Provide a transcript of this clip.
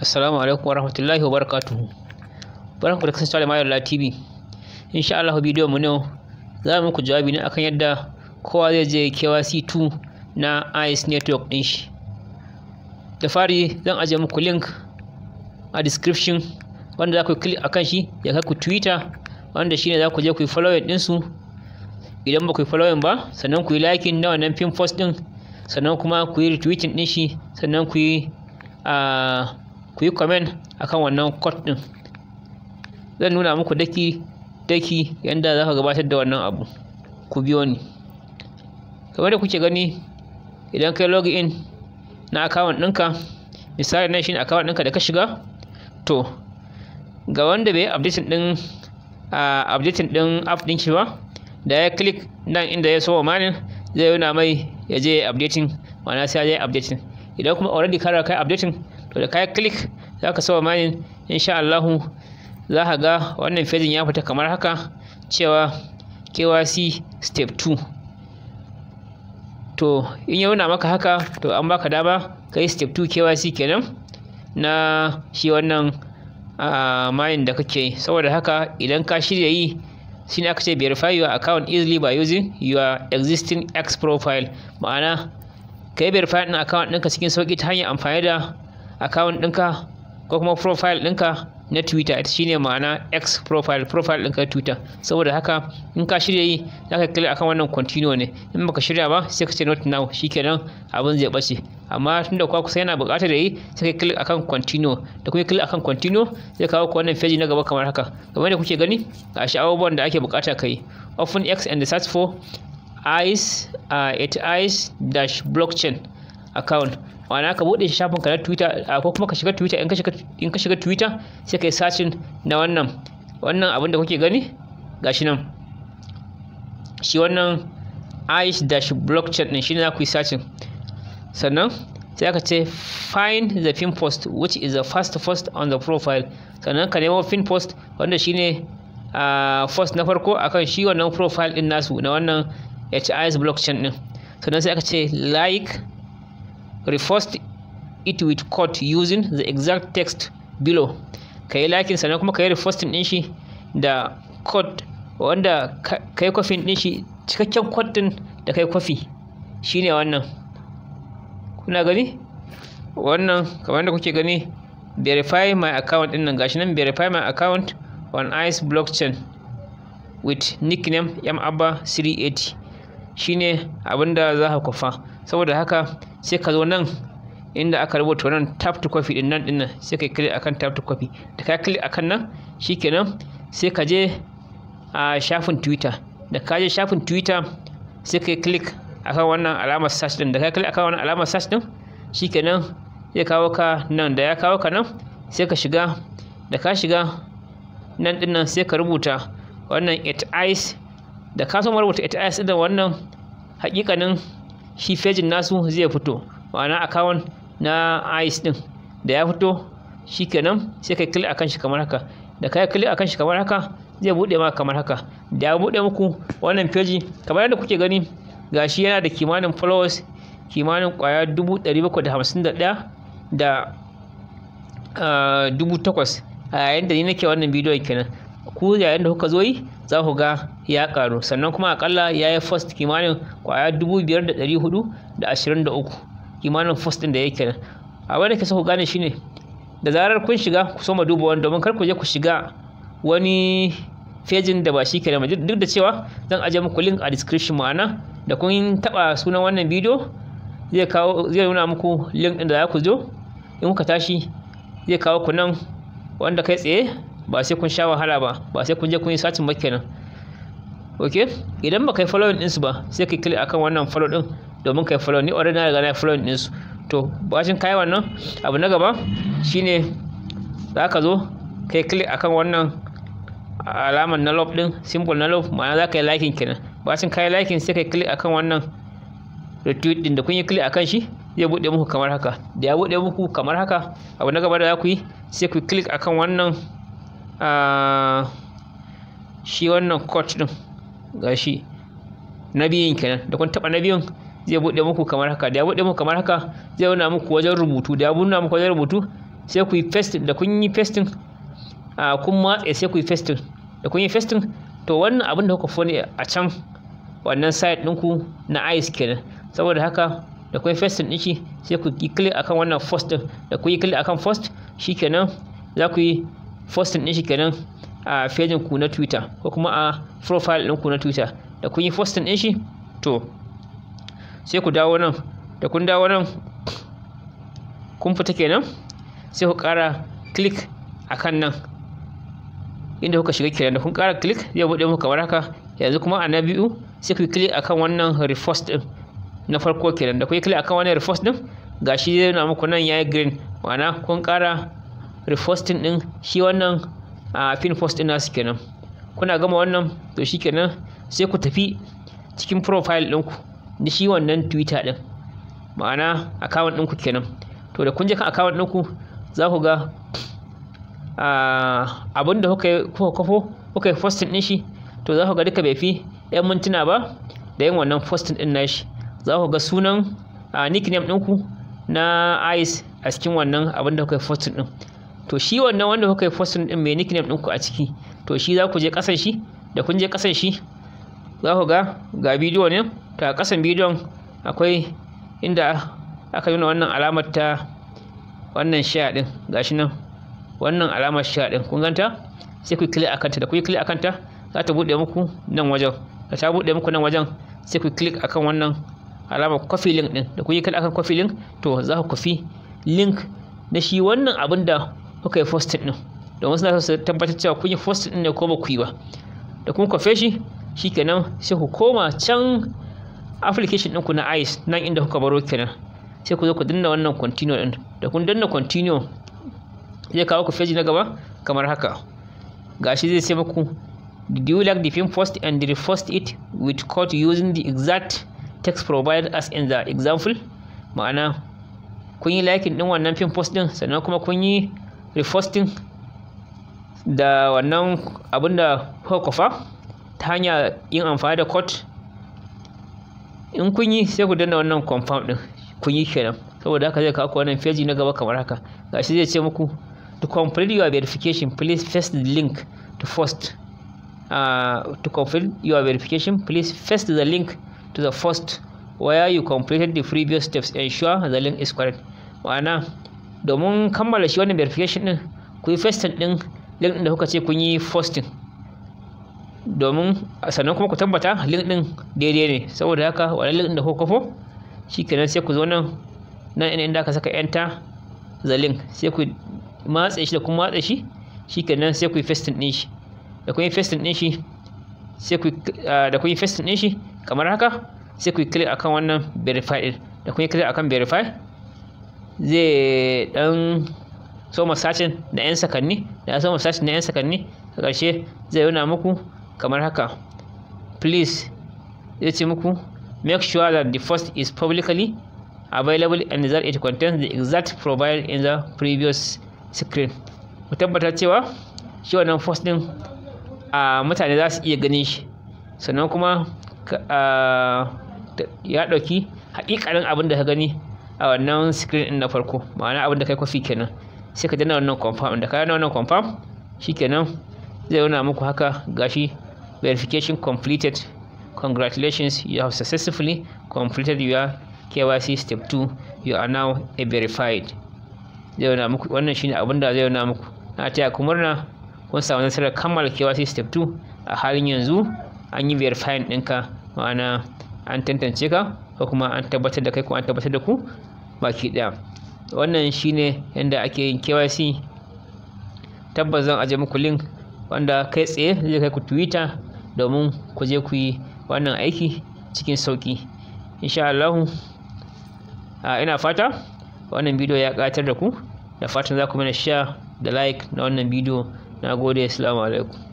Assalamu alaikum wa rahmatullahi wa barakatuhu. Barkanku da kasancewa da Mayar TV. Insha Allah bidiyo mu ne za mu ku jawabi ne akan yadda kowa zai je KYC2 na IS network din shi. Da fari zan ajiye muku link a description wanda za ku click akan shi ya kai ku Twitter wanda shine za ku je ku yi following din su. Idan ba ku yi following ba sannan ku yi liking na wannan pin post din sannan kuma ku yi retweeting din shi sannan ku yi a ah, ku yi comment akan wannan kot din zan nuna muku daki daki yanda za ka gabatar da wannan abu ku biyo ni kamar da kuke gani idan kai log in na account ɗinka misali nan shine account ɗinka da ka shiga to ga wanda bai updating ɗin a updating ɗin app ɗin shi ba da ya click nan inda ya so manin zai nuna mai ya je updating wannan sai ya je updating idan kuma already ka riga kai updating to da kayan click za ka saba mani insha Allahu za ka ga wannan fejin ya fita kamar haka cewa KYC step 2 to in ya nuna maka haka to an baka dama kai step 2 KYC kenan na shi wannan mayin da kake saboda haka idan ka shirya yi shine aka ce verify your account easily by using your existing X profile ma'ana ka yi verify ɗin account ɗinka cikin sauƙi ta hanyar amfani da Akawun ɗinka ko kuma profile ɗinka na twitter ita shine ma'ana x profile profile ɗinka twitter saboda haka in ka shirya yi za ka kira akan wannan continue ne in baka shirya ba sai ka ce not now shikenan abin zai bace amma tunda kwa kusa yana da yi sai ka kira akan continue da kuma kira akan continue zai kawo ku wannan page na gaba kamar haka kamar da kuke gani ga shi abubuwan da ake buƙata kai open x and search for ice uh, at ice dash blockchain account ma'ana ka buɗe shafin ka na twitter ko kuma ka shiga twitter in ka shiga twitter sai ka yi sacin na wannan wannan abin da kuke gani gashi nan shi wannan ice dash blockchain din shi za ku yi sacin sannan sai ka ce find the pin post which is the first post on the profile sannan ka nemo pin post wanda shine a post na farko akan shi wannan profile din nasu na wannan HIS blockchain din sannan sai aka ce like repost it with quote using the exact text below ka yi lakin sannan kuma ka yi din shi da quote wanda kai yi kwafin din shi cikakken quote din da kai kofi shine wannan kuna gani wannan kamar da kuke gani verify my account din nan gashi nan verify my account on ice blockchain with nickname yamabba 380 shine abinda za ka kufa saboda haka sai ka zo nan inda aka rubuta wannan tap to copy din nan dinnan sai ka click akan tap to copy da ka click akan nan shikenan sai ka je a shafin Twitter da ka je shafin Twitter sai ka click akan wannan alamar search din da ka click akan wannan alamar search din shikenan sai kawo ka nan da ya kawo ka nan sai ka shiga da ka shiga nan dinnan sai ka rubuta wannan it ice da ka so rubuta it ice din wannan hakikanin shi fejin nasu zai fito ma'ana akawun na ice din da ya fito shi kenan sai ka click akan shi kamar haka da kai click akan shi kamar haka zai buɗe maka kamar haka da ya buɗe muku wannan feji kamar yadda kuke gani ga shi yana da kimanin followers kimanin kwaya 751 da ah, dubu takwas a yayin da ni nake wannan bidiyon kenan ku yayin da kuka zo yi za ku ga ya karu sannan kuma akalla ya yi first kimanin ƙwaya dubu biyar da ɗari hudu da ashirin da uku kimanin first ɗin da yake nan abin da ke so ku gane shine da zarar kun shiga ku soma duba wani domin kar ku je ku shiga wani fejin da ba shi ke da duk da cewa zan ajiye muku link a description ma'ana da kun taɓa sunan wannan bidiyo zai kawo zai nuna muku link ɗin da za ku zo in kuka tashi zai kawo ku nan wanda kai tsaye ba sai kun sha wahala ba ba sai kun je kun yi satin ba kenan ok idan ba kai following din su ba sai ka click akan wannan follow din domin kai follow ni already na riga na following din su to bacin kai wannan abu na gaba shine za ka zo kai click akan wannan alamar na love din symbol na love ma'ana za ka yi liking kenan bacin kai liking sai kai click akan wannan retweet din da kun yi click akan shi zai buɗe muku kamar haka da ya buɗe muku kamar haka abu na gaba da za ku yi sai ku click akan wannan Ah, shi wannan coach din gashi na biyun kenan da kun taba na biyun zai bude muku kamar haka da ya bude muku kamar haka zai nuna muku wajen rubutu da ya nuna muku wajen rubutu sai ku yi paste da kun yi pasting a ah, kun matse sai ku yi pasting da kun yi pasting to wannan abin da kuka fone a can wannan site ɗinku na ice kenan saboda haka da kun yi pasting ɗin shi sai ku yi click akan wannan first din da kun yi click akan first shikenan za ku yi posting din shi kenan a fejin ku na Twitter ko kuma a profile ɗin ku na Twitter da kun yi posting din shi to sai ku dawo nan da kun dawo nan kun fita kenan sai ku ƙara click kan nan inda kuka shiga kenan da kun ƙara click zai buɗe muku kamar haka yanzu kuma a na biyu sai ku click akan wannan repost din na farko kenan da kun click akan wannan repost din gashi zai nuna muku nan yayi green ma'ana kun ƙara reposting din shi wannan a pin post din nasu kenan kuna gama wannan to shikenan sai ku tafi cikin profile ɗinku da shi wannan twitter din ma'ana account ɗinku kenan to da kun je kan account ɗinku za ku ga abin da kuka kafo kuka yi posting ɗin shi to za ku ga duka bai fi 'yan mintuna ba da yin wannan posting ɗin nashi za ku ga sunan nickname ɗinku na ice a cikin wannan abin da kuka yi posting ɗin to shi wannan wanda kuka yi posting din mai nickname ɗinku a ciki to shi za ku je ƙasan shi da kun je ƙasan shi za ku ga ga bidiyo ne to a ƙasan bidiyon akwai inda aka nuna wannan alamar ta wannan sha ɗin shi nan wannan alamar sha ɗin kun ganta sai ku click kanta, da ku yi a kanta za ta buɗe muku nan wajen da ta buɗe muku nan wajen sai ku click akan wannan alamar coffee link ɗin da ku yi a akan coffee link to za ku coffee link na shi wannan abin da kuka yi posting ɗin domin suna su tabbatar cewa kun yi posting ɗin ne ko ba ku yi ba da kuma kwafe shi kenan, sai ku koma can application ɗinku na ice nan inda kuka baro kenan sai ku zo ku danna wannan continue ɗin da kun danna continue zai kawo ku na gaba kamar haka gashi zai sai muku do you like the film first and first it with code using the exact text provided as in the example ma'ana kun yi liking ɗin wannan film post ɗin sannan kuma kun yi reposting da wannan abin da kwafa ta hanya yin amfani da code in kun yi sai ku danna wannan compound din kun yi kenan saboda haka zai kawo wannan feji na gaba kamar haka gashi zai ce muku to complete your verification please first the link to first uh, to complete your verification please first the link to the first where you completed the previous steps ensure the link is correct ma'ana domin kammala shi wannan verification din ku yi pasting din link din da kuka ce kun yi posting domin sannan kuma ku tabbata link din daidai ne saboda haka wannan link din da kuka kafo shikenan sai ku zo nan nan inda aka saka enter the link sai ku matse shi da kuma matse shi shikenan sai ku yi pasting din shi da kun yi pasting din shi sai ku da kun yi pasting din shi kamar haka sai ku yi click akan wannan verify din da kun yi click akan verify zai dan soma sashin da 'yan sakanni da soma sashin na 'yan sakanni a ƙarshe zai nuna muku kamar haka please zai ce muku make sure that the post is publicly available and that it contains the exact provided in the previous screen ku tabbata cewa shi wannan post din a mutane za su iya gani shi sannan kuma ya ɗauki haƙiƙanin abin da ka gani a wannan screen din na farko ma'ana abin da kai kofi kenan sai ka danna wannan confirm da kai na wannan confirm shikenan zai nuna muku haka gashi verification completed congratulations you have successfully completed your KYC step 2 you are now a verified zai nuna muku wannan shine abin da zai nuna muku na taya ku murna kun samu nasarar kammala KYC step 2 a halin yanzu an yi verifying ɗinka ma'ana an tantance ka ko kuma an tabbatar da kai ko an tabbatar da ku baki ɗaya wannan shine yadda ake yin KYC tabbas zan aje muku link wanda kai tsaye zai kai ku Twitter domin ku je ku yi wannan aiki cikin sauki insha Allah ina fata wannan bidiyo ya ƙatar da ku da fatan za ku mana share da like na wannan bidiyo na gode assalamu alaikum